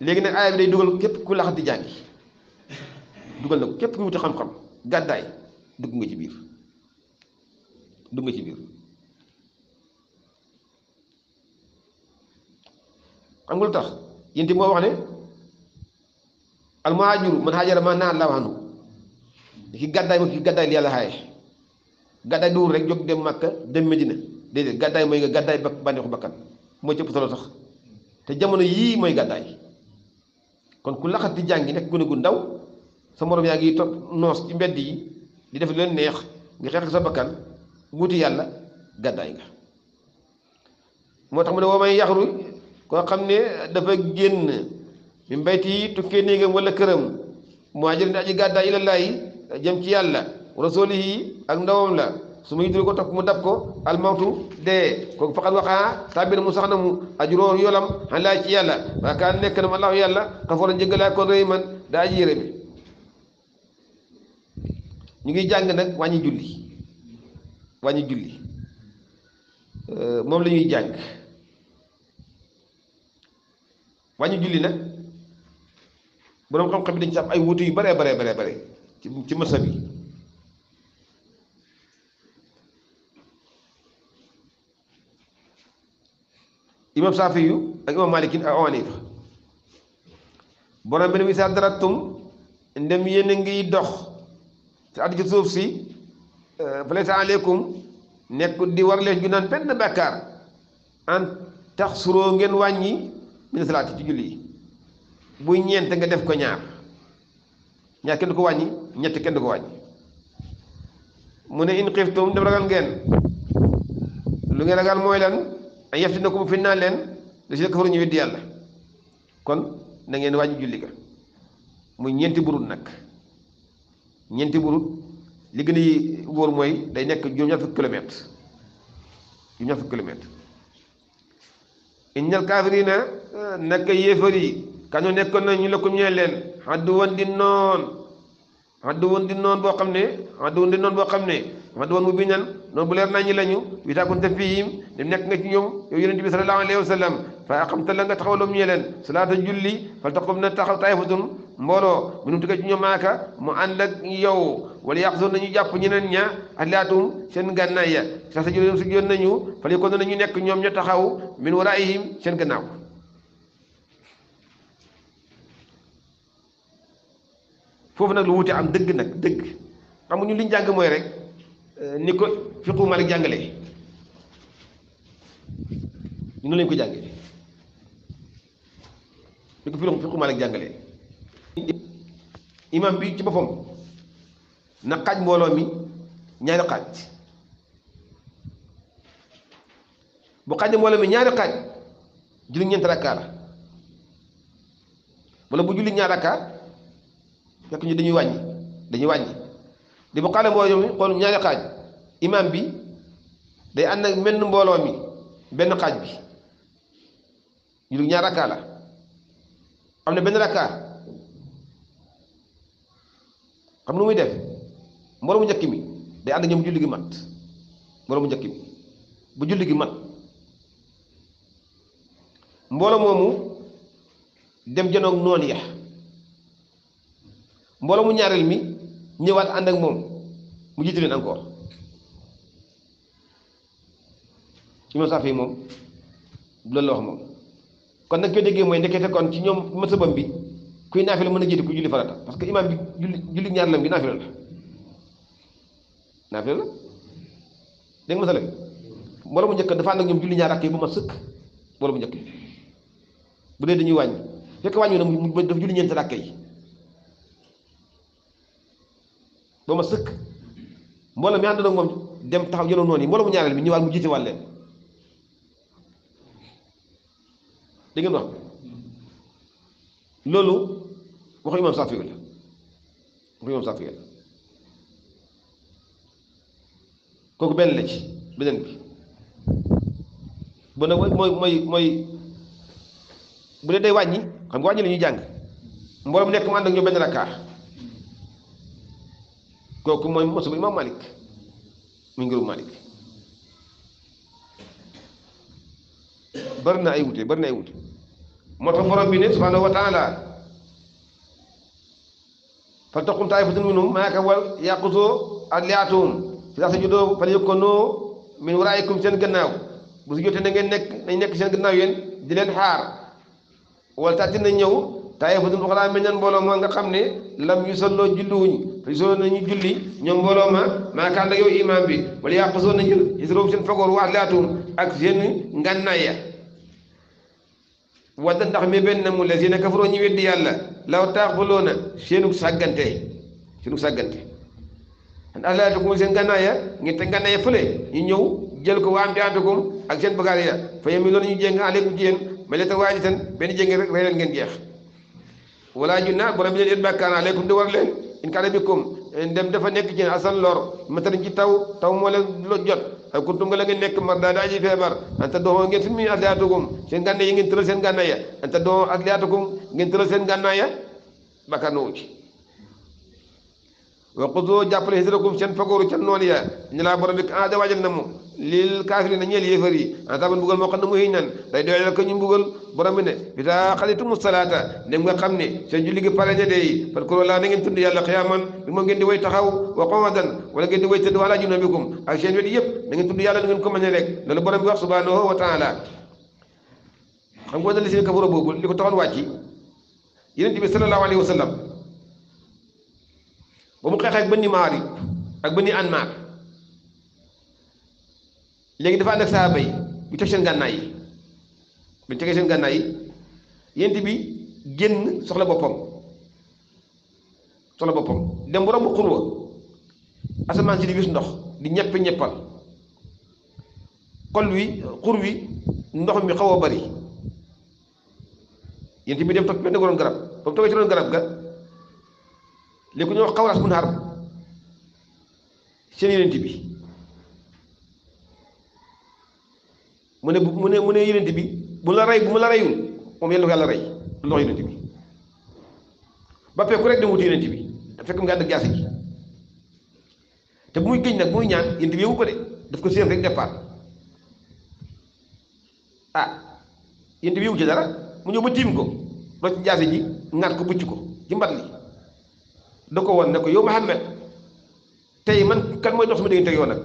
léegi nag aaya day dugal képp ku laxas di jàngi dugal na ko képp ku wuti xam-xam gàddaay dugg nga ci biir dugg ci biir xam nga lu tax yénti moo wax ne al muhaajiru man haajara ma naa Allaahu anhu ki gàddaay mooy ki gàddaay li yàlla xaaye gàddaay duwul rek jóg dem Makka dem Medina déedéet gàddaay mooy nga gàddaay ba bànneexu bakkan mooy cëpp solo sax te jamono yii mooy gàddaay kon ku laxas di jàngi nekk gune gu ndaw sa morom yaa ngi topp noos ci mbedd yi di def leen neex nga xeex sa bakkan wuti yàlla gàddaay nga moo tax mu ne woo may koo xam ne dafa génn mi mbayti tukkee néegam wala këram muhajirin aji gàddaay ilallaahi jëm ci yàlla yi ak ndawam la su ma yudul ko topp mu dab ko almawtu dee kooku faqat waxaa tabir mu sax na mu ajuróor yolam xan laa ci yàlla waa kaan nekk na ma allahu yàlla xafoora njëggalaa kon rëy man daa ji yére bi ñu ngi jàng nag wàññi julli wàññi julli moom la jàng wàññi julli nag boroom xam-xam bi dañ ci am ay wuute yu bare bare bare bare ci masa bi imam Saafi yu ak imam Malikin ak Hanifa borom bi ne wisaa daratum ndem yéen a ngi dox te at suuf si euh, falaysa aleykum nek di war leen ju naan benn bàkkaar an tax suroo ngeen wàññi min salaati ci julli yi bu ñeent nga def ko ñaar ñaar kenn du ko wàññi ñett kenn ko wàññi mu in xiftum dem ragal ngeen lu ngeen ragal mooy lan ay yaftinakum fitnaa leen da si kafaru ñu weddi yàlla kon na ngeen wàññi julli ga muy ñeenti burut nag ñeenti burut li gën a wóor mooy day nekk juróom-ñaar fukki kilomètre juróom-ñaar fukki kilomètre innal kaafiriina naka yéefar yi kanu nekkoon na ñu la ko ñee leen xaddu noon xaddu noon boo xam ne xaddu woon noon boo xam ne maduwan mu binan noonu bu leer nañu lañu wi taa kunta fiihim nekk nga ci ñoom yow yonent bi sallallahu alayhi wa sallam fa aqamta la nga taxawaloom ñee leen salaata julli fal taqum na taxaw taifatun mbooloo minum tëgga ci ñoom maaka mu ànd ak yow wala yàq soon nañu jàpp ñeneen ña atlaatum seen gànnaay ya sax sa julli su yoon nañu fal yëkkoon nañu nekk ñoom ña taxaw min yi seen gannaaw foofu nag lu wute am dëgg nag dëgg xam nga ñu liñ mooy rek Euh, ni ko fiqu Malik jàngalee ñu ngi leen ko jàngee ni ko fiqu Malik imam bi ci boppam na xaaj mbooloo mi ñaari xaaj bu xaaj mbooloo mi ñaari xaaj julli ñeent rakkaa la wala bu julli ñaar rakkaa fekk ñu dañuy wàññi dañuy wàññi li mu xale mbooloo mi xool ñaari xaaj imam bi day ànd ak menn mbooloo mi benn xaaj bi julli ñaar rakkaa la am na benn rakkaa lu muy def mbooloo mu njëkk mi day ànd ak ñoom julli gi mat mbooloo mu njëkk mi bu julli gi mat mbooloo moomu dem jënoog noon ya mbooloo mu ñaareel mi ñëwaat ànd ak moom mu jiite leen encore imam Saafi moom loolu la wax moom kon nag koy déggee mooy ndekkee fekkoon ci ñoom masabam bi kuy naafila mën a jiite ku julli farata parce que imam bi julli julli ñaar lam gi naafila la naafila la dégg nga masala bi moromu njëkk dafa ànd ak ñoom julli ñaar ak yi bu ma sëkk moromu njëkk bu dee dañuy wàññi fekk wàññi na mu daf julli ñeenti rakk yi ba ma sëkk mboola mi ànd na moom dem taxaw jëloon noonu yi mbooloo mu ñaareel bi ñëwaat mu jiite waat leen dégg ngeen wax loolu waxu imaam Saafi'i la waxu imaam Saafi'i la kooku benn la ci beneen bi bu xam wàññi la ñuy mu nekk mu ànd ak ñoom benn rakkaar kooku mooy mosu bu imaam Malik muy ngirum Malik bari na ay wute bari na ay wute moo tax borom bi ne subhaanahu wa taala fal taqum taa'ifatun minhum maaka wal yaquzu asli'atahum fa izaa sajaduu falyakunu min waraa'ikum seen gannaaw bu si jotee ngeen nekk nañ nekk seen gannaaw yéen di leen xaar wala taati ñëw. taayifatun uxraa meñ nan mbooloo moo nga xam ne lam yu salloo julliwuñ fa soo nañu julli ñoom mbooloo maa kaan ak yow imaam bi wala yàq soo na jël isroom seen fagoor ak seen ngànnaay ya wadda ndax mi benn mu la seen kafaroo ñu weddi yàlla law taax ba loona seenug sàggante seenug sàggante an alaatukum seen ngànnaay ya ngir te ngànnaay ya fële ñu ñëw jël ko waam jaantukum ak seen bagaar ya fa yemi loona ñu jéng aleykum ci yéen ma le ta waaji tan benn jéng rek rey leen ngeen jeex wala junna borom bi ne déet bàkkaar aleykum di war leen in kaana bikum dem dafa nekk ci asan lor matarin ci taw taw moo leen jot ak kuntum nga la ngeen nekk mar daa daaji feebar anta doxoo ngeen fi mu asliyaatukum seen gànnaay yi ngeen tëral seen gànnaay ya anta doxoo asliyaatukum ngeen tëral seen gànnaay ya bàkkaar na ci wa xudu jàppale xisrakum seen fagooru ca noon ya ñu laa borom bi ada ah waajal na mu lil kaafiri na ñeel yéefar yi asaban mbugal moo xam ne mu xëy nan day doyal ko ñu mbugal borom bi ne bitaa xalitumu salaata dem nga xam ne seen julli gi pare na dey parce que laa na ngeen tudd yàlla xiyaaman bi moom ngeen di way taxaw wala ngeen di way tëdd wala junubikum ak seen yëpp da ngeen tudd yàlla ngeen ko mën a rek loolu borom bi wax subhanahu wa taala xam nga dal li seen kafaro boobu li ko taxoon wàcc yonent bi sallallahu alayhi wa sallam ba mu xeexee ak bënni maari ak bënni anmaar léegi dafa ànd ak saaba yi bu teg seen gànnaay yi bu tegee seen gànnaay yi yent bi génn soxla boppam soxla boppam dem bu romb xurwa asamaan si di gis ndox di ñeppe ñeppal kol wi xur wi ndox mi xaw a bari yent bi dem toog benn goroon garab ba mu toogee ci roon garab ga li ku ñuy wax xawlaas bu naar seen yonent bi mu ne bu mu ne mu ne yonent bi bu la rey bu mu la reyul moom yàlla ko yàlla rey du loxo yonent bi ba peeku rek dem te fekk mu ngi ànd ak ji te bu muy géej nag bu muy ñaan yonent bi yóbbu ko de daf ko séen rek départ ah yonent bi yóbbu ci dara mu ñëw ba tiim ko rocc jaasi ji ŋaat ko bëcc ko ci mbat li da ko wan ne ko yow Muhammad tey man kan mooy dox sama diggante yow nag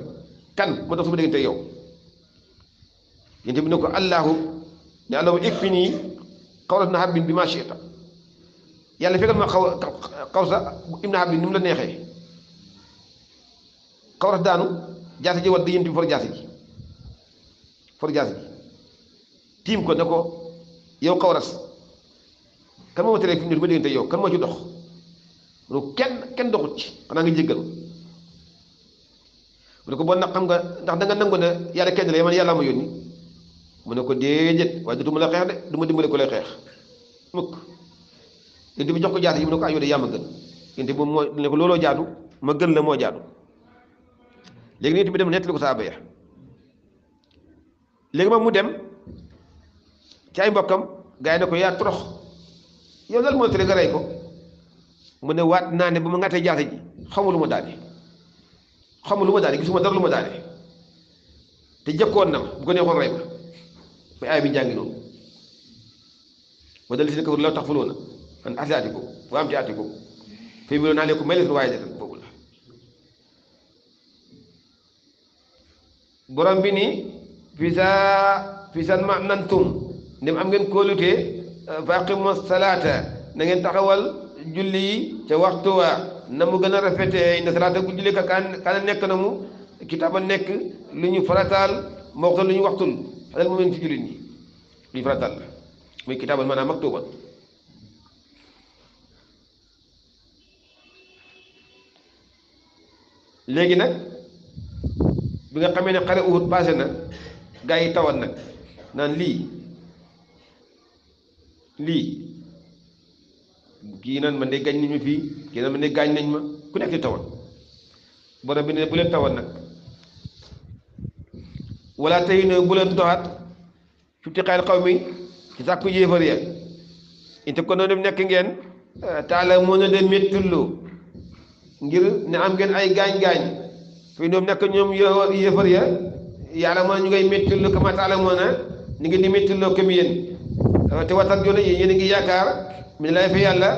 kan moo dox sama diggante yow yéen tamit ne ko allahu ne allahuma ikfini qawlatna harbin bi ma chita yàlla fekkal ma xaw xaw sa ibna harbin ni mu la neexee xawrat daanu jaasi ji war di yéen for jaasi ji for jaasi ji tiim ko ne yow xawras kan moo ma fi mu ne sama yow kan moo ci dox mu kenn kenn doxut ci nga jéggal ko bon nag xam nga ndax da nga nangu ne yàlla kenn la yàlla ma mu ne ko déedéet waaye du ma la du ma dimbale ko lay xeex jox ko jaata yi mu ne ko ayoo ah, de yaa looloo jaadu ma gën la moo jaadu léegi nit bi dem nettali ko saaba ya léegi moom mu dem ci mbokkam gars yi ko yaa torox yow lan moo tere nga rey ko. mu ne waat naa ne ba ma ngàttee jaase ji lu ma daane xamu lu ma daane gisuma dara lu ma daane te jëkkoon na ma bu ko neexoon rey ma mais aay bi njàngi noonu wa borom bi ni fisa fisan ma nantum ndem am ngeen kóolute faqimu salaata na ngeen julli yi ca waxtu wa na mu gën a rafetee inna salaata ku julli ka kaana nekk na mu kitaaba nekk lu ñu farataal moo lu ñu waxtul xanaa mu mel ci jullit ñi lu ñu farataal la muy kitaaban maanaam maktuuban léegi nag bi nga xamee ne xare Uhud passé na gaa yi tawat nag li, li. kii nan man de gañ nañ ma fii kii nan man de gaañ nañ ma ku nekk di tawat borom bi ne bu leen tawat nag wala tey ne bu leen tawat fi xaw qawmi ci sàkku yéefar ya in takunu dem nekk ngeen eh, ta'lamuuna de méttullu ngir ne am ngeen ay gaañ-gaañ fii ñoom nekk ñoom yéefar ya yàlla moo ñu ngay méttullu kamaa ñu ngi di méttullu comme yéen te waxtaan jooju yéen a ngi yaakaar. min lay fi yàlla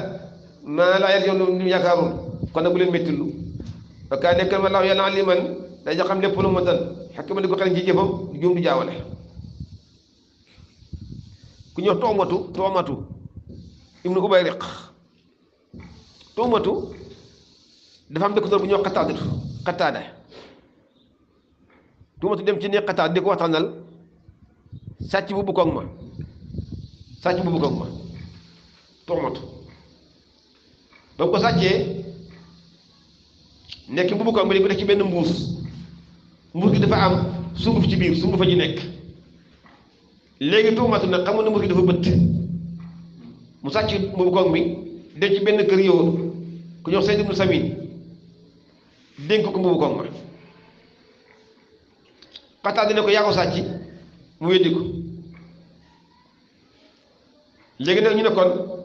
ma laa yarjuuna lu ñu yaakaaroon kon day xam lépp lu mu tan xekk ma di ko xel ci jëfam du juum du jaawale ku ñëw toomatu toomatu ibnu Ubayriq toomatu dafa am dëkk bu ñëw xataadatu xataada toomatu dem ci ne xataad di ko sàcc bu bukkoog ma sàcc bu bukkoog ma pour ba mu ko sàccee nekk mbubu koom bi ci benn mbuus mbuus gi dafa am sunguf ci biir sunguf fa ji nekk léegi tuumatu nag xamoon na mbuus gi dafa mu sàcc mbubu koom bi dem ci benn kër yow ku ñox Sayd ibnu Samin dénk ko mbubu koom ba xataa dina ko yaa sàcc mu weddi ko léegi nag ñu ne kon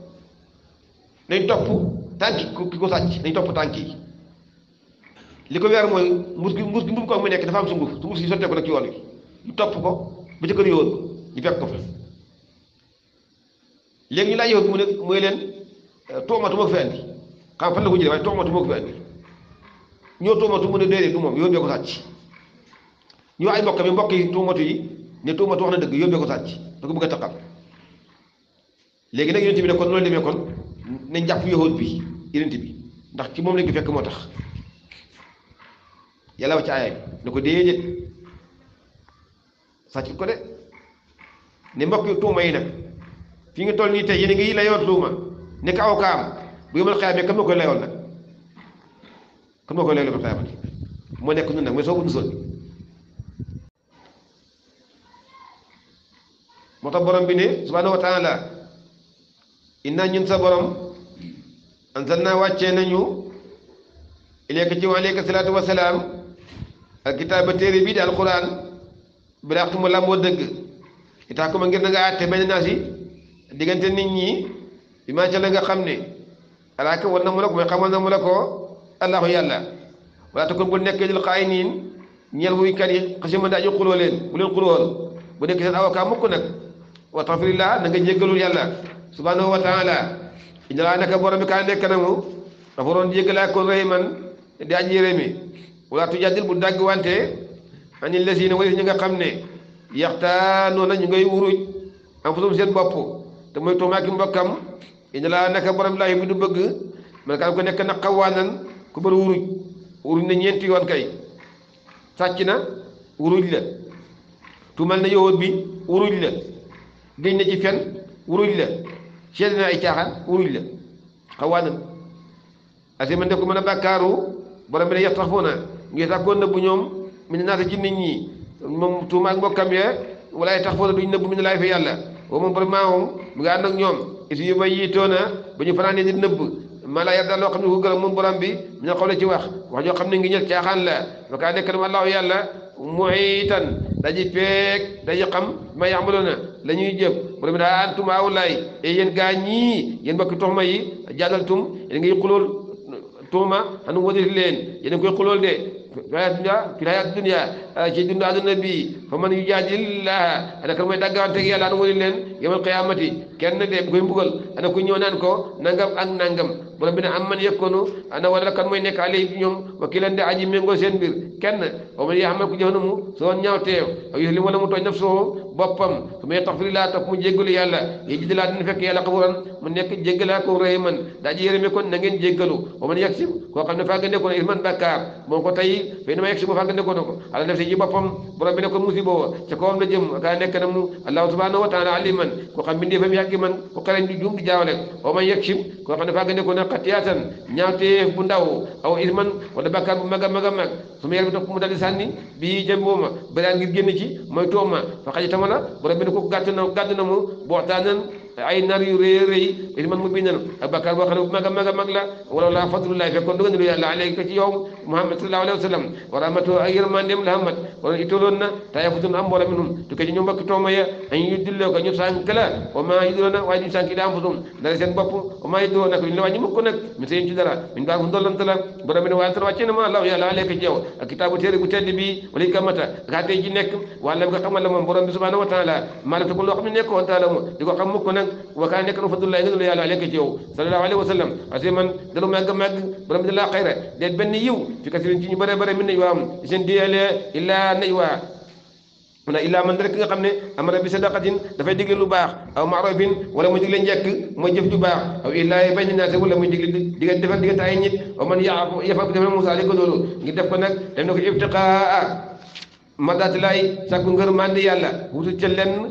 day topp tànki ki ko sàcc day topp tànk li ko weer mooy mbuus gi mbuus gi mbuum mu nekk dafa am sunguf sunguf si sottee ko nag ci yoon ñu topp ko ba ci ko léegi ñu laaj mu ne mooy leen euh, toomatu ma ko fi andi xam fan la ko jëlee waaye toomatu ma ko fi andi ñoo toomatu mu ne déedéet du moom yoon bee ko sàcc ñu ay mbokk mi mbokk yi toomatu yi ne toomatu wax na dëgg yoon bee ko sàcc da ko bëgg a taqal léegi nag yonent bi ne kon loolu demee kon nañ jàpp yahud bi yonent bi ndax ci moom lañ ko fekk moo tax yàlla wàcc aaya bi ne ko déedéet sàcc ko de ne mbokk tuuma yi nag fi nga toll nii tey yéen a ngi layoo tuuma nekk aw kaam bu yomal xayma kan moo koy layoon nag moo nekk ñun nag mooy soo ko dusoon moo tax borom bi ne subhanahu wa taala inna ñun sa borom anzalna wàcce nañu ilayka ci waaleyka salaatu wasalaam ak kitaaba téere bii di alquran bi daxtu mu làmboo dëgg li tax kuma ngir na nga àtte benn naa si diggante nit ñi bi maa ca la nga xam ne alaaka war na mu la ko mooy xamal na mu la ko allahu yàlla wala takun bu nekkee dil xaay niin ñeel wuy yi xasima daa ji xuloo leen bu leen xulool bu nekk mukk nag wa taxfirillah na nga yàlla subhanahu wa taala inalaa naka borom bi kaa nekk na mu xafaroon jéggalaa kon rëy man di aji yërëmi wala tujaadil bu dagg wante ani lesiina walis ñi nga xam ne yaxtaanoo na ñu ngay wuruj am fasum seen bopp te mooy tuumaaki mbokkam inalaa naka borom laa bi du bëgg man ko nekk na xawaanan ku bëri wuruj wuruj na ñeenti yoon kay sàcc na wuruj la tuumal na yowoot bi wuruj la géñ ci fen wuruj la seet na ay caaxaan wuruj la xawaanan asi man de ko mën a bàkkaaru borom bi ne yax tax foo na ngi tax koo nëbb ñoom mi ne naata ci ñi moom tuuma ak mbokkam ya wala tax foo na duñ nëbb mu ne laay fa yàlla woo moom borom maa mu ñoom isi yu ba ñu fanaan di nëbb maa laa xam ne ko moom bi mi ne xaw ci wax wax joo xam ne ngi ñett caaxaan la fa kaa nekk dama allahu yàlla muhiitan daji peeg daji xam ma yaamaloona la ñuy jëf borom daa antum awlaay e yéen gaa ñii yéen mbokki toxma yi jadaltum yéen ngay xulool tuxma xanu wadil leen yéen koy xulool de fi layaat dunya fi layaat dunya Ah, ci dund àdduna bi fa man yu jaadilillaaha ana kan mooy dàggawanteeg yàlla an wali leen yawmal qiyaamati kenn de bu koy mbugal ana ku ñëw naan ko nangam ak nangam borom bi ne am man yëkkoonu ana wala kan mooy nekk alay ñoom wakilan de aji kenn wa man yaxmal ku jëfandu mu soon ñaawteew ak yéex li wala mu tooñ nafsoo boppam su ma yastaxfirillaa mu jéggalu yàlla yàlla xafuran mu nekk jéggalaa ko rahiman daa ji yërëme kon na ne fàggandekoo na isman bakkaar moo ko tey fay na ma yaksib fàggandekoo na ko ala nafsi ji boppam borom bi ne ko musiba wa ca kawam la jëm aka nekk na mu allahu subhanahu wa taala aliman ko xam bindee fa mi yàgg man ko xarañ du juum du jaawale o man yegg cib koo xam ne faaga ne ko na xatiyaatan ñaawteef bu ndaw aw isman wala bàkkaar bu mag a mag a mag su ma mu daldi sànni bi ko gàtt mu booxtaanan ay nar yu rëy rëy li man mu bindal ak bakkaar boo xam ne bu mag a mag a mag la wala laa fadlullahi fekkoon dugal lu yàlla alayka ci yow muhammad sallallahu alayhi wa sallam wa rahmatuhu ak yërmandeem la amat wala itoloon na taa yakutun am mboola minum tu ke ci ñoom bakk tooma ya an ñu dilloo ko ñu sànk la wa maa yudroona waaye duñ sànk daa anfusum dara seen bopp wa maa yudroo nag ñu la wàññi mukk nag mi seen ci dara min baa ko ndollante la borom bi ne waaye tar wàcce na ma allah yàlla alayka ci yow ak kitaabu téere bu tedd bi wala ka mata ak àttee ji nekk wàllam nga xamal la moom borom bi subhanahu wa taala maa la takun loo xam ne nekkoon taala mo di ko xam mukk nag nag wa kaana nekk na fadlullahi ngëneelu yàlla aleyka ci yow sallallahu alayhi wa sallam ase man dalu màgg màgg borom di laa xayra déet benn yiw fi kasirin ci ñu bare bare min najwaahum seen diyalee illaa najwaa mu ne illaa man rek nga xam amara bi sadaqatin dafay digle lu baax aw maarufin wala muy digle njëkk mooy jëf ju baax aw illaa bay ni naase wala muy digle digal defar diggante ay nit aw man yafa yafa bu defee musa ko loolu ngir def ko nag def na ibtiqaa madatilay sàkku ngër mandi yàlla wutu ca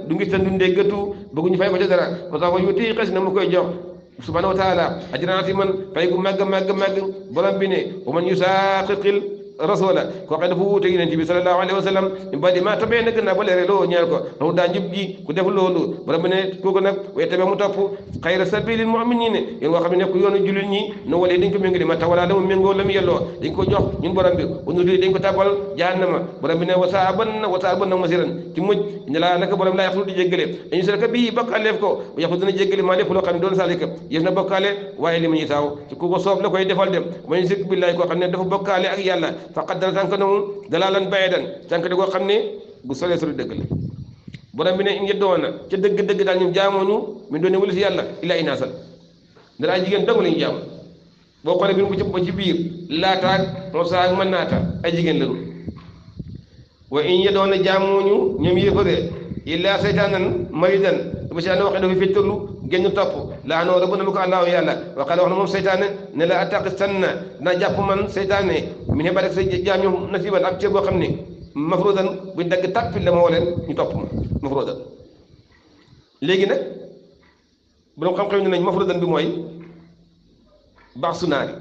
du ngi tan du ndéggatu bëgguñu fay ko ca dara wasa wa yuti xes na mu koy jox subhanahu wa taala ajranaati man fay gu màgg màgg màgg borom bi ne wa man yusaqiqil rasula koo xam ne dafa wuute yonent bi sallallahu alayhi wa sallam mi badi ma tabee na a ba leere loo ñeel ko raw daa njub gi ku def loolu borom bi ne kooku nag way tabe mu topp xayra sabilil mu'minin yoon woo xam ne nekk yoonu jullit ñi nu walee dañ ko méngale ma tawalaa mu méngoo la mu yelloo dañ ko jox ñun borom bi unu lii dañ ko tàbbal jahannama borom bi ne na wasaa ban na masiran ci mujj ne laa na bokkaale waaye li mu faqat dana sànq na mu dalaalan bàyyi dan sànq di koo xam ne bu solee sori dëgg la borom bi ne ñu doon ca dëgg-dëgg daal ñun jaamooñu mi doon si yàlla illaa inaasan daraa jigéen dong la ñu jaam boo xoolee bi mu ci ba ci biir laataak moo saak mën naata ay jigéen la dul waaye in ñu doon na jaamooñu ñoom yéefare illaa saytaanan maridan dama si ànd waxee dafa fectorlu génn topp laa noo rabu na mu ko allahu yàlla waxaala wax na moom seytaane ne la attaqistanna dana jàpp man seytaane mi ne ba rek sa jaam ñu nasiban ak ceeb boo xam ne mafrudan buñ dagg tàppi la ma woo leen ñu topp ma mafrudan léegi nag borom xam-xam ne nañ mafrudan bi mooy baax su naari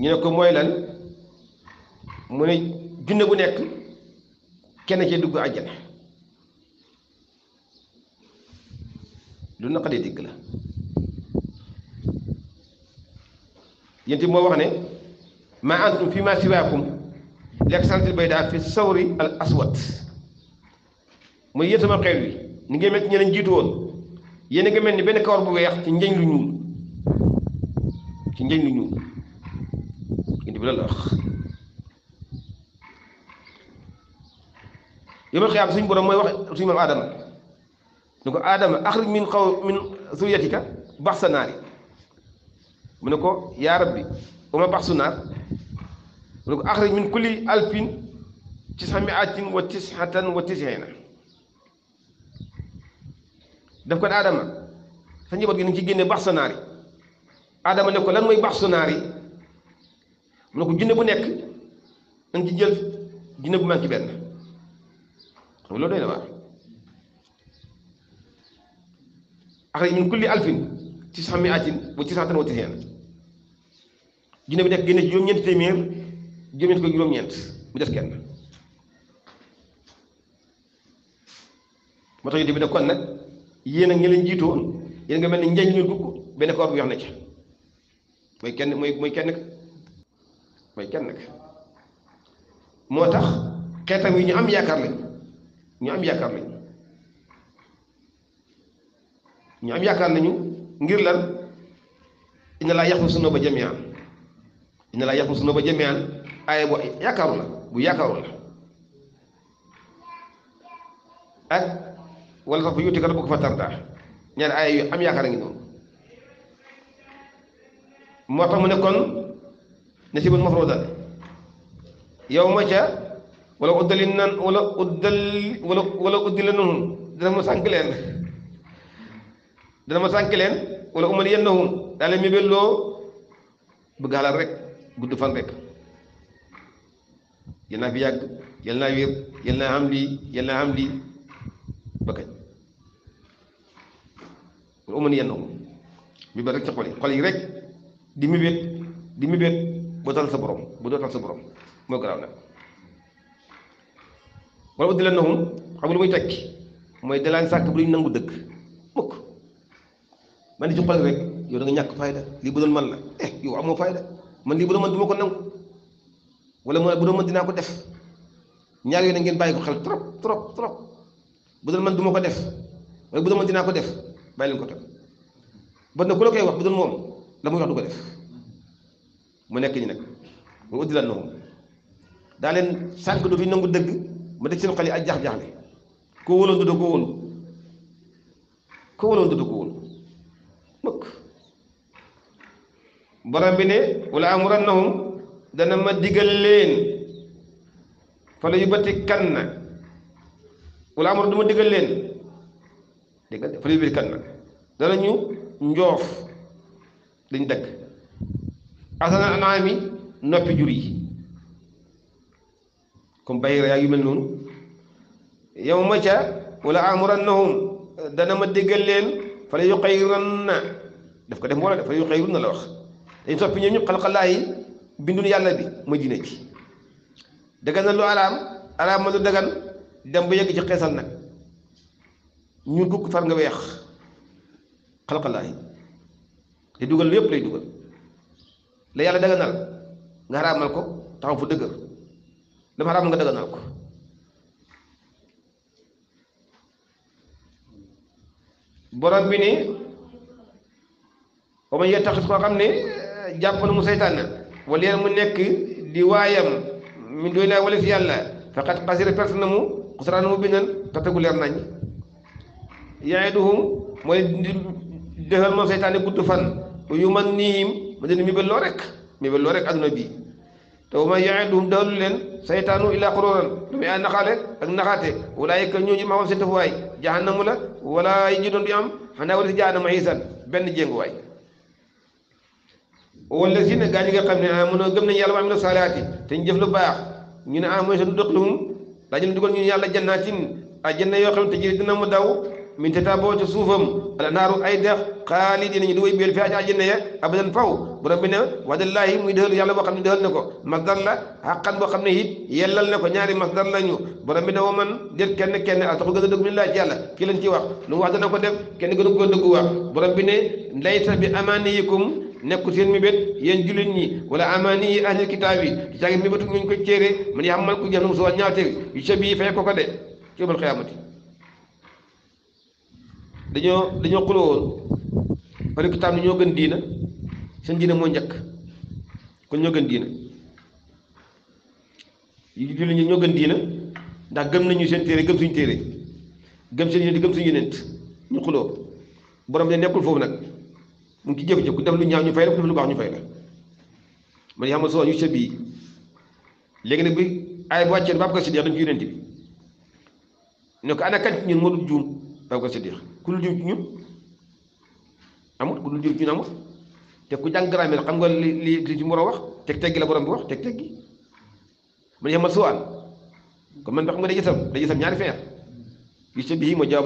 ñu ne ko mooy lan mu ne junne bu nekk kenn cee dugg àjjana lu naqadee dégg la yénti moo wax ne ma antum fi ma siwaakum lekk santil baydaa fi sawri al aswad mooy yéen sama xeet wi ni ngeen a nga mel ni benn kawar bu weex ci njëñ lu ñuul ci njëñ lu ñuul indi bi la la wax yomal xiyaam suñu borom mooy wax suñu maam Aadama ni ko aadama axrij min xaw min zuriyatika bax mu ne ko yaa rabbi uma bax su naar mu ne ko axrij min kulli alfin tisxa miatin wa tisxatan wa tisxiina daf ko aadama sa gi ni ci génne bax ne ko lan mooy bax su naari mu ne ko bu nekk nañ ci jël junne bu manqué benn na axraj min kulli alfin ci mi'atin wa tis'atan wa tis'iin junne bi nekk génne ci juróom-ñeent téeméer juróom-ñeent ko juróom-ñeent mu des kenn moo tax yonent bi ne kon nag yéen a ngi leen jiitoon yéen nga mel ni njañ ñu dugg benn koor bu yox ci mooy kenn mooy mooy kenn mooy kenn moo tax xeetam yi ñu am yaakaar lañ ñu am yaakaar lañ ñu am yaakaar nañu ngir lan inna laa yaxlu sunuba jamian inna laa yaxlu sunuba jamian aaya bu yaakaaru la bu yaakaaru la ak eh? wala sax bu yuuti kala bu ko fa tardaa ñaari aaya yu am yaakaar a ngi noonu moo mu ne kon ne mafruda yow ma wala uddalin wala uddal wala wala uddilannahum dina mu sànq dana ma sànq leen wala umaliyannahum daa leen mébét loo bëgg xalaat rek gudd fan rek yal naa fi yàgg yenna naa wér yal am lii yal naa am lii ba kañ wala umaliyannahum mébét rek ci xol yi xol yi rek di mébét di mébét ba tal sa boroom bu doo tal sa borom mooy garaaw nag wala uddilannahum xam nga lu muy tekki mooy dalaan sàkk bu duñ nangu dëkk man di juppal rek yow da nga ñàkk fayda lii bu man la eh yow amoo fayda man lii bu doon man duma ko nangu wala mu bu doon man dinaa ko def ñaar yooyu na ngeen bàyyi ko xel trop trop trop bu doon man duma ko def wala bu man dinaa ko def bàyyi leen ko tam ba na ku la wax bu doon la muy wax du ko def mu nekk ñi nag mu uddi lan noonu daa leen sànq du fi nangu dëgg ma def seen xel yi jaxle ko wóoloon du ko wóolu ko wóoloon du ko borom bi ne wala amurannahum dana ma digal fala yubati kan na wala amur ma digal leen digal fala yubati kan dana ñu njoof dañ dëkk asana anaami noppi jur yi comme bayira yaa yu mel noonu yow ma ca wala amurannahum dana ma digal leen fala yuqayiran na daf ko def mbooloo de fala yuqayirun na la wax dañ toppi ñoom ñëpp xalqalaa yi yàlla bi mooy diine ji daganal lu araam araam ma lu dagan dem ba yegg ci xeesal nag ñu dugg far nga weex xalqalaa yi dugal lu yëpp lay dugal la yàlla daganal nga xaraamal ko taxaw fu dëgër dama xaraamal nga daganal ko borom bi ni wa man yettaxis koo xam ne jàpp na mu seytaan wala yéen mu nekk di waayam min doy naa wala yàlla faqat xasira perte na mu xusraan mu binan perte gu leer nañ yaiduhum mooy di defal moom seytaane gudd fan yu man niihim ma dina mi belloo rek mi belloo rek adduna bi te wa ma yaiduhum daxalu leen seytaanu ila xuróoran lu muy a naxaale ak naxaate walaayika ñooñu ma xam seen tafuwaay la wala yi ji doon du am xanaa wala si jahannama isan benn jénguwaay wala si ne gaa ñi xam ne amunoo ah, gëm nañu yàlla wa amilu saalihaati te ñu jëf lu baax ñu ne ah mooy sa du dëqluhum daañu leen a ñu yàlla jannaatin àjjana yoo xam ne te jëri dina mu daw min tata boo ca suufam al naaru ay dex xaalidina ñu du way biyel fi aji àjjana ya abadan faw borom bi ne wadallaahi muy dëxal yàlla boo xam ne dëxal na ko masdar la xaqan boo xam ne it yellal na ko ñaari masdar la ñu borom bi ne woo man déet kenn kenn a taxu gën a dëgg mi ne laaj yàlla kii lañ ci wax lu mu wax dana ko def ko dëggu wax borom bi ne nekkul seen mébét yéen jullit ñi wala amani yi ahlil kitaab yi di caagi mébétu ñu ko céere man yàmmal ku jënum soo ñaawteeg yu ca bii fay ko ko de ci yawmal xiyaamati dañoo dañoo xuloo woon ahlil kitaab ni ñoo gën diina seen diina moo njëkk kon ñoo gën diina yu jullit ñi ñoo gën diina ndax gëm nañu seen téere gëm suñu téere gëm seen yonent gëm suñu yonent ñu xuloo borom ne nekkul foofu nag mu ngi ci jëf-jëf ku def lu ñaaw ñu fay la ku def lu baax ñu fay la man yaa ma soo yu sëb léegi nag bi ay bu wàccee Babacar Siddiq dañ ci yonent bi ne ko ana kan ñun moo dul juum Babacar Siddiq ku dul juum ci ñun amul ku dul juum ñun amul te ku jàng xam nga li li li ci tek wax teg teggi la borom bi wax teg teggi man yaa ma soo an kon man ba xam nga day jësam day jësam ñaari feer yu sëb yi bi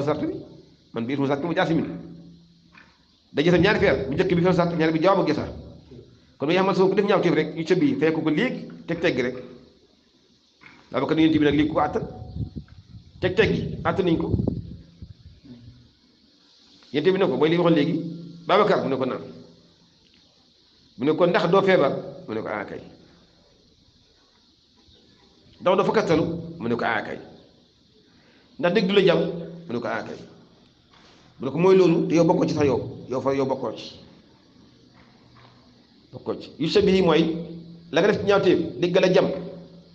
man biir mu mu dañuy sax ñaari feer bu njëkk bi feeru sàtt ñaari bi jawab ak gesa kon may xamal soo ko def ñaaw teef rek ñu cëb yi fekk ko léegi teg teggi rek daa ba ko yéen bi ku ko àttan teg teggi àttan nañ ko yénte bi ne ko mooy li waxoon léegi Babacar mu ne ko naan mu ne ko ndax doo feebar mu ne ko a ah, kay ndax doo fa ah, la jàmm mu ne ko a ah, kay mu ne ko mooy loolu te yow bokk ci sax yow yow fa yow bokkoo ci bokkoo ci yu sa bihi la nga def ci ñaawteef la jam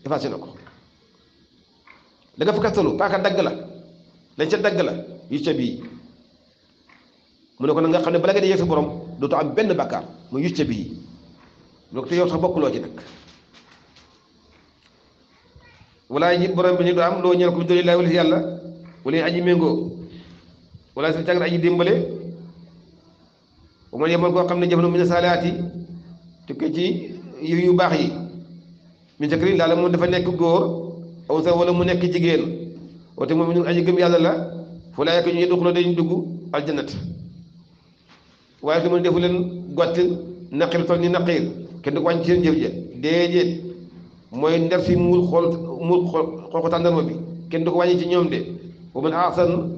effacé na la nga fa kastalu paaka dagg la lañ ca dagg la yu sa bihi mu ne ko nag nga xam ne bala nga dee yegg sa borom dootoo am benn bakkaar mu yu sa bihi ko yow sax bokkuloo ci nag wala yi borom bi ñu do am loo ñeel ko bi doon lay wala yàlla aji méngoo wala sa jàng aji dimbale ba mu yemoon koo xam ne na jëfandu mina saalaati tukki ci yiw yu baax yi min zakrin laa la moom dafa nekk góor aw sa wala mu nekk jigéen ote moom ñun aji gëm yàlla la fu laa la dañu dugg aljanat waaye su ma leen gottil naqir toll ni naqir kenn du ko wàññi seen jëf ndef si muul xool muul xool ko tàndarma bi kenn du ko ci ñoom de bu man ahsan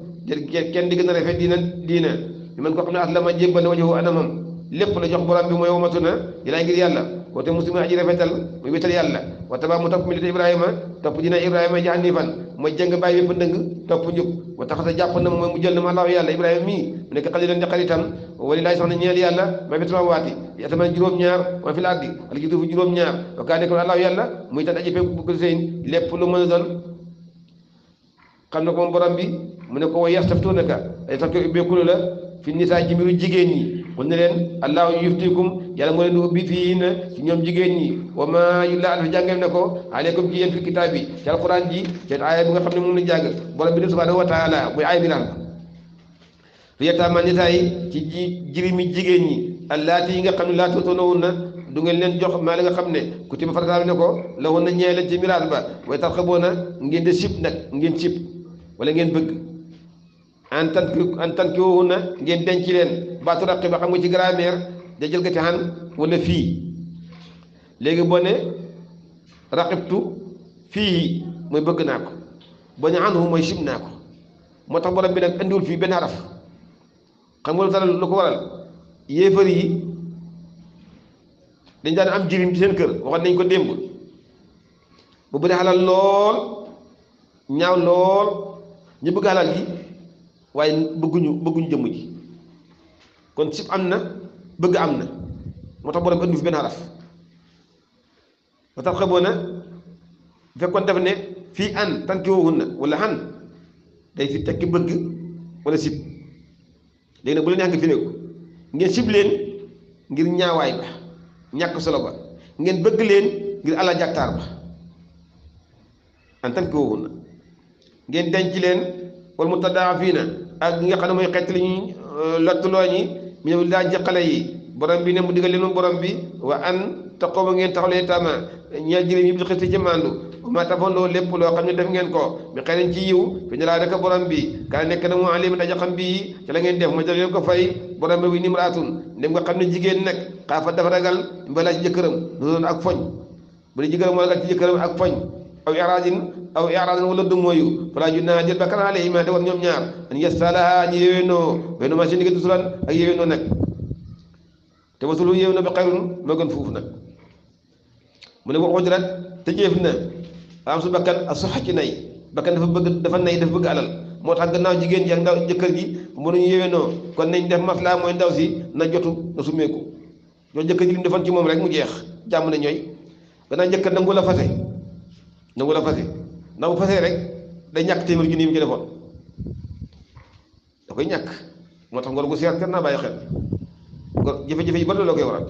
kenn di gën a rafet diina diina li man koo xam ne aslama jébbal wajhu anamam lépp la jox borom bi mooy wamatu na jëlaay ngir yàlla woote muslim aji rafetal muy wetal yàlla wa tabaa mu topp milita ibrahima topp dina ibrahima ji hanifan mooy jëng bàyyi bépp ndëng topp njub wa taxasa jàpp na mooy mu jël ma allahu yàlla ibrahima mii mu nekk xalilan di xaritam wali laay sax na ñeel yàlla maa fi samaawaati juróom-ñaar wa fil gi duufu juróom-ñaar wa kaa nekk allahu yàlla muy tan aji fekk bu seen lépp lu mën a xam ne ko moom borom bi mu ne ko wa yastaftuunaka ay tax ko ubbeekulu la fi nisaa ci mbiru jigéen ñi xul ne leen allahu yuftikum yàlla moo leen di ubbi fii hin ci ñoom jigéen ñi wa ma yulla an fi jàngeef ne ko aleykum ci yéen fi kitaab bi ci alquran ji ci aaya bi nga xam ne moom la jàng borom bi de subhanahu wa taala muy aaya bi naan fi yataama nisaa yi ci ji jirimi jigéen ñi allaati yi nga xam ne laatu toonawun na du ngeen leen jox maa la nga xam ne ku tiba farataam ne ko la woon na ñee leen ci miraas ba way tarxaboona ngeen de sib nag ngeen sib wala ngeen bëgg en tant que en tant que ngeen denc leen baatu raqi ba xam nga ci grammaire da jël ko ci xan wala fii léegi boo ne raqibtu fii mooy bëgg naa ko boo ne mooy sib ko moo tax borom bi nag indiwul fii benn araf xam nga lu tax ko waral yéefar yi dañ daan am jirim ci seen kër waxoon nañ ko démb bu bëri xalal lool ñaaw lool ñu bëgg xalal yi waaye bëgguñu bëgguñu jëmm ji kon sib am na bëgg am na moo tax borom ëndu fi benn xaraf ba tax xamoo na fekkoon def ne fii an tan ki woowun na wala xan day fi tekki bëgg wala sib léegi nag bu la neex nga fi ngeen sib leen ngir ñaawaay ba ñàkk solo ba ngeen bëgg leen ngir ala jàktaar ba an tan ki woowun na ngeen denc leen wala mu taddaa fii na ak ñi nga xam ne mooy xeet li ñuy euh, lottuloo ñi mi ne daa jëqale yi borom bi ne mu digal leen borom bi wa an taqoomu ngeen taxawle yetaama ñaa jëlim yi bil ci mandu ma tafoon lépp loo xam ne def ngeen ko xëy ci yiw fi ñu laa rek borom bi nekk na mu alim daja xam bii ci la ngeen def ma jox leen ko fay borom bi wi nimraatun ndem nga xam ne jigéen nag xaafa dafa ragal mbalaa jëkkëram lu ak foñ bu dee jëkkëram moo ragal ci ak foñ aw iraajin aw iraajin wala du mooyu falaa junaaha jël bakkan alayhimaa de war ñoom ñaar an yastaalaha ñu yéwénoo benn machine digg dusulan ak yéwénoo nag te wasulu yéwénoo bi xayrun moo gën ne waxuj rat te jëf na am su bakkan a nay bakkan dafa bëgg dafa bëgg alal moo tax jigéen ji ak ndaw jëkkër ji mënuñu kon nañ def maslaa mooy ndaw si na jotu na sumeeku ñoo jëkkër ji li ñu ci moom rek mu jeex jàmm na ñooy gannaaw jëkkër nangu la fase nangu la fase ndax bu fase rek day ñàkk téeméer junni yi mu ci da koy ñàkk moo tax ngoro gu seer gën naa bàyyi xel ngor jafe-jafe yi bari la koy waral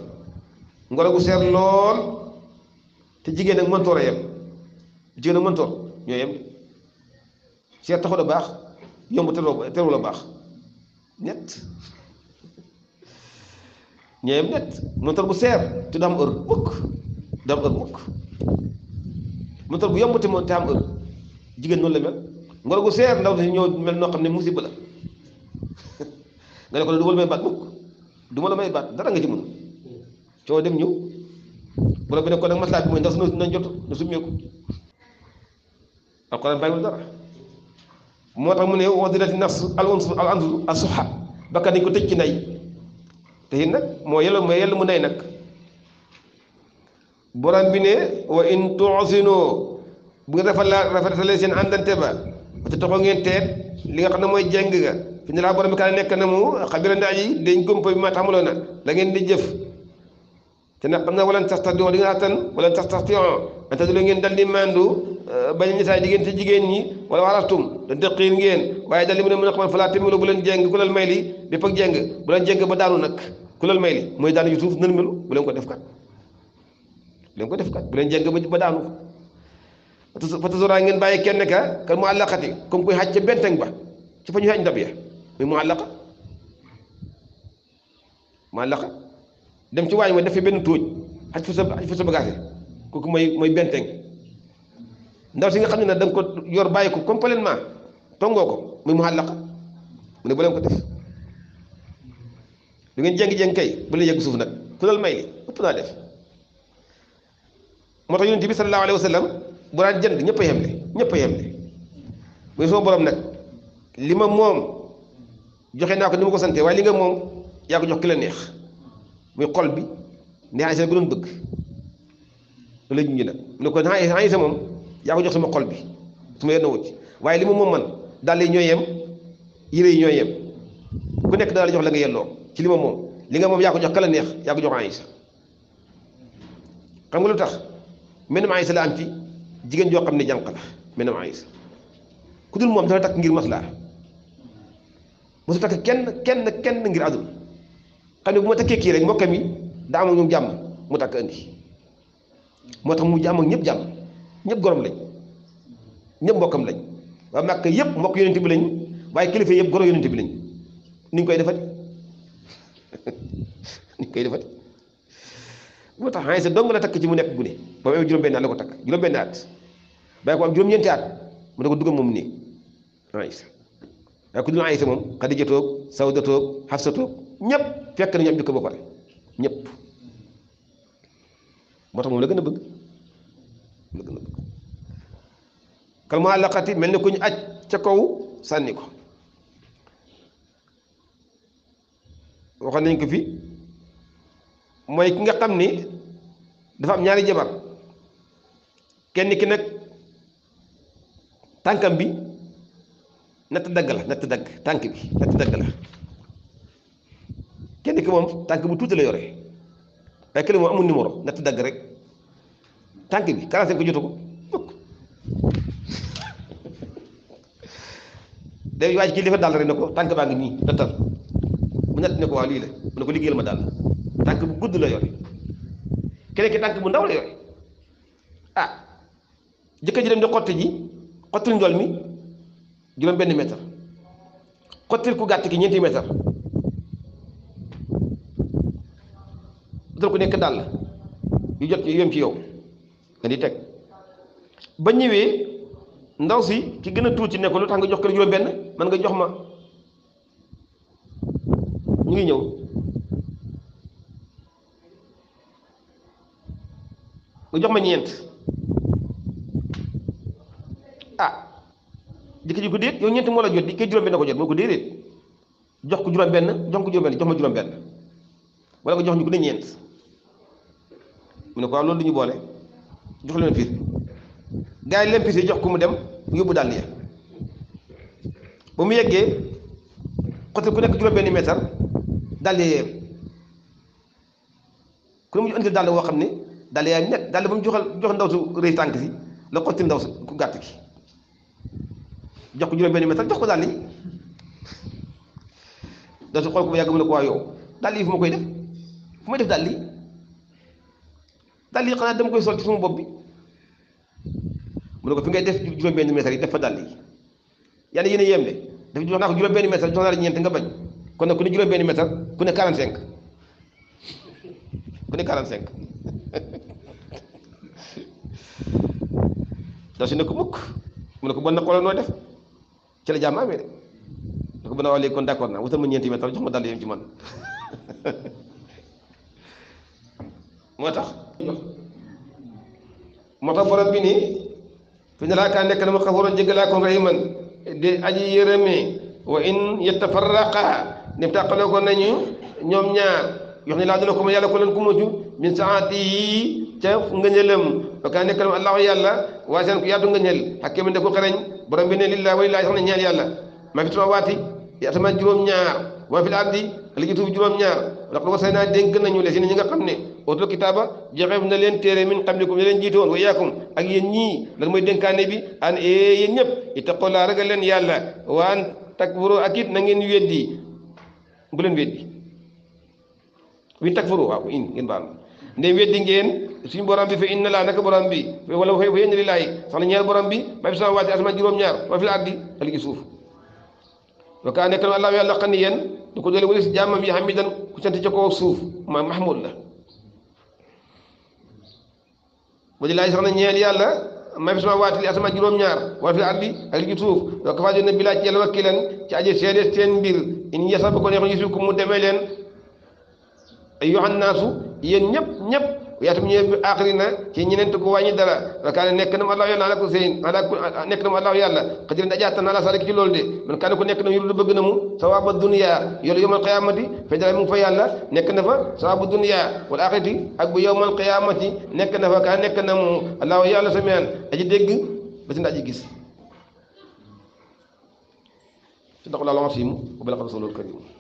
ngoro gu seer lool te jigéen ak mëntoor a yem jigéen ak mëntoor ñoo yem seer taxu da baax yomb teroo teru la baax ñett ñoo yem ñett bu seer te du am heure mukk du am heure mukk moteur bu yomb te moo te am heure jigéen noonu la noo xam ne musiba la nga du ma la nga ci dem ñëw bu la bi ne ko nag maslaa bi mooy ndaw si nañ al uns al ansu asuxa bakkan nañ ko tëj ci nay te it nag moo yellu moo yellu mu nay nag borom bi ne wa in tu'sinu bu nga defal la rafetalee seen àndante ba te taxoo ngeen teet li nga xam ne mooy jeng ga fi ne laa borom bi kaa nekk na mu xabira ndaa yi dañ gompa ma taxamuloo na la ngeen di jef te nag xam na walan tastadion di nga attan walan tastation ante du ngeen dal di mandu euh, bañ a ñesaay diggante jigéen ñi wala waratum dante xiir ngeen waaye dal li mu ne mën a xamal falaa tamilu bu leen jeng ku lal may li bépp ak jeng bu leen jeng ba daanu nag ku lal may li mooy daanu bu leen ko def kat leen ko def kat bu leen jàng ba daanu fa tasora ngeen bàyyi kenn ka kan mu àllaqati kom koy xaj ca benteng ba ci fa ñu xaj ndab ya dem ci waañ wa def benn tóoj xaj fa sa xaj fa sa bagage kooku mooy mooy benteng ndaw si nga xam ne nag da nga ko yor bàyyi ko complètement tongoo ko muy mu àllaqa mu ne bu leen ko def lu ngeen jéng-jéng kay bu leen yegg suuf nag ku dal may li ëpp naa def moo tax yonent bi sallallahu alayhi wa sallam bu daan jënd ñëpp a yemle ñëpp a yemle muy sama borom nag li ma moom joxe naa ko ni ma ko sante waaye li nga moom yaa ko jox ki la neex muy xol bi neex bi doon bëgg loolu la nag mu ne ko Aysa moom yaa ko jox sama xol bi su ma yenn waaye li ma moom man daal yi ñoo yem yére ñoo yem ku nekk dana la jox la nga yelloo ci li moom li nga moom yaa ko jox ka la neex yaa ko jox xam nga lu tax menn maïs la am ci jigéen joo xam ne jànq la menn maïs ku dul moom dana takk ngir maslaa mosu takk kenn kenn kenn ngir àdduna xam ne bu ma takkee kii rek mbokkam mi daa am ñoom jàmm mu takk indi moo tax mu jàmm ak ñëpp jàmm ñëpp gorom lañ ñëpp lañ waaye màkk yëpp mbokk yonent bi waaye kilifa yëpp goro yonent bi ni koy defati ni koy defati moo tax Aysa dong la takk ci mu nekk gune ba mu amee ko takk juróom-benn at bàyyi ko am ko dugg moom nii Aysa waaye fekk nañu am ba pare moom la gën a bëgg la gën kal mu àllaqati mel ni ku ñu aj ca kaw sànni ko waxoon nañ ko fi mooy ki nga xam ni dafa am ñaari jabar kenn ki nag tànkam bi nett dagg la natt dagg tànk bi natt dagg la kenn ki moom tànk bu tuuti la yore waaye kële moom amul numéro natt dagg rek tànk bi 45 ko jotu ko fukk day waaj kii dafa daal rek ne ko tànk baa ngi nii nattal mu natt ne ko waaw lii la mu ne ko liggéeyal ma daal tànk bu gudd la yore keneen ki tànk bu ndaw la yore ah jëkkër ji dem di xotti ji xottil njool mi juróom benn mètre xottil ku gàtt ki ñeenti mètre utal ku nekk dàll yu jot yu yem ci yow nga di teg ba ñëwee ndaw si ki gën a tuuti ne ko lu tax nga jox ko juróom benn man nga jox ma mu ngi ñëw nga jox ma ñeent ah jëkkër ji ko déet yow ñeent moo la jot di kay juróom benn ko jot moo ko déedéet jox ko juróom benn jox ko juróom benn jox ma juróom benn wala nga jox ñu ko ne ñeent mu ne ko waaw loolu du ñu boole jox leen piis gars leen piis yi jox ko mu dem yóbbu dàll ya ba mu yeggee côté ku nekk juróom benn mètre dàll ya yeew ku ne mu indi woo xam ne dal yaayam ñett dal ba mu joxal jox ndaw su rëy la xotti ndaw su ku gàtt ki jox ko juróom-benn meetar jox ko dal yi koy def fu may yi dal yi sol ci sama bopp bi mu ne ko fi ngay def benn meetar yi def fa dal yi yàlla yéen a yem de dafa jox naa ko juróom-benn meetar nga bañ kon nag ku ne juróom-benn ku ne 45 ku ne 45. ndaw si ne ko mukk mu ne ko bon na xoolal def ci la jàmm amee de ne ko bon na waaw léegi kon d'accord naa wutal ma ñeenti mètre jox ma dàll yem ci man moo tax moo tax borom bi nii fi ne laa kaa nekk na ma xafuroon jéggalaa kon rey man di aji yërëmee wa in yettafarraqa nim tàqaloo ko nañu ñoom ñaar yox ni laa ko ma yàlla ko leen ku mujj min saati yi ca ngëñëlam ba kaa nekkal ma allahu yàlla waaye seen ku yaatu ngëñël xakkee mu ne ko xereñ borom bi ne lillaahi wa lillaahi sax na ñeel yàlla maa fi samaawaati yi asamaan juróom-ñaar wa fil ardi li ci suuf juróom-ñaar ndax wasay naa dénk nañu les yéen ñi nga xam ne ootul kitaaba joxe na leen téere min qablikum ne leen jiitu woon wa iyaakum ak yéen ñii lan mooy dénkaane bi an eh, yéen ñëpp ittaqoo laa ragal leen yàlla waan takfuru ak it na ngeen weddi bu leen weddi wi takfuru waaw in ngeen baal ndem weddi suñu borom bi fa inna laa naka borom bi wala fa fa yénn li laay sax na ñeel borom bi ma fi sama waati asama juróom-ñaar wa fi la addi al gi suuf wakaa nekk na allah yàlla xam ni yéen du ko jële wali si jàmmam yi hamidan ku sant ca kaw suuf ma mahmud la wa di laay sax na ñeel yàlla ma fi sama waati li asama juróom-ñaar wala fi la addi al gi suuf wa kafaa jot na bilaa ci yàlla wakkilan ci aji seede seen mbir in yasab ko neexoon yusikum mu demee leen ayyuhan naasu yéen ñëpp ñëpp yaatum ñëwe bi axiri na ci ñenent ko wàññi dara wakaane nekk na mu àllaahu yàlla ala ko sëyin ala nekk na mu àllaahu yàlla xajirin dajaatan ala salik ci loolu de man kaane ku nekk na yurdu bëgg na mu sawaaba dunya yoolu yowmal qiyaamati fajara mu ngi fa yàlla nekk na fa sawaaba dunya wal axirati ak bu yowmal qiyaamati nekk na fa kaa nekk na mu àllaahu yàlla samian aji dégg ba sin aji gis sadaqallaahu al-aziim wa balaqa rasuuluhu al-kariim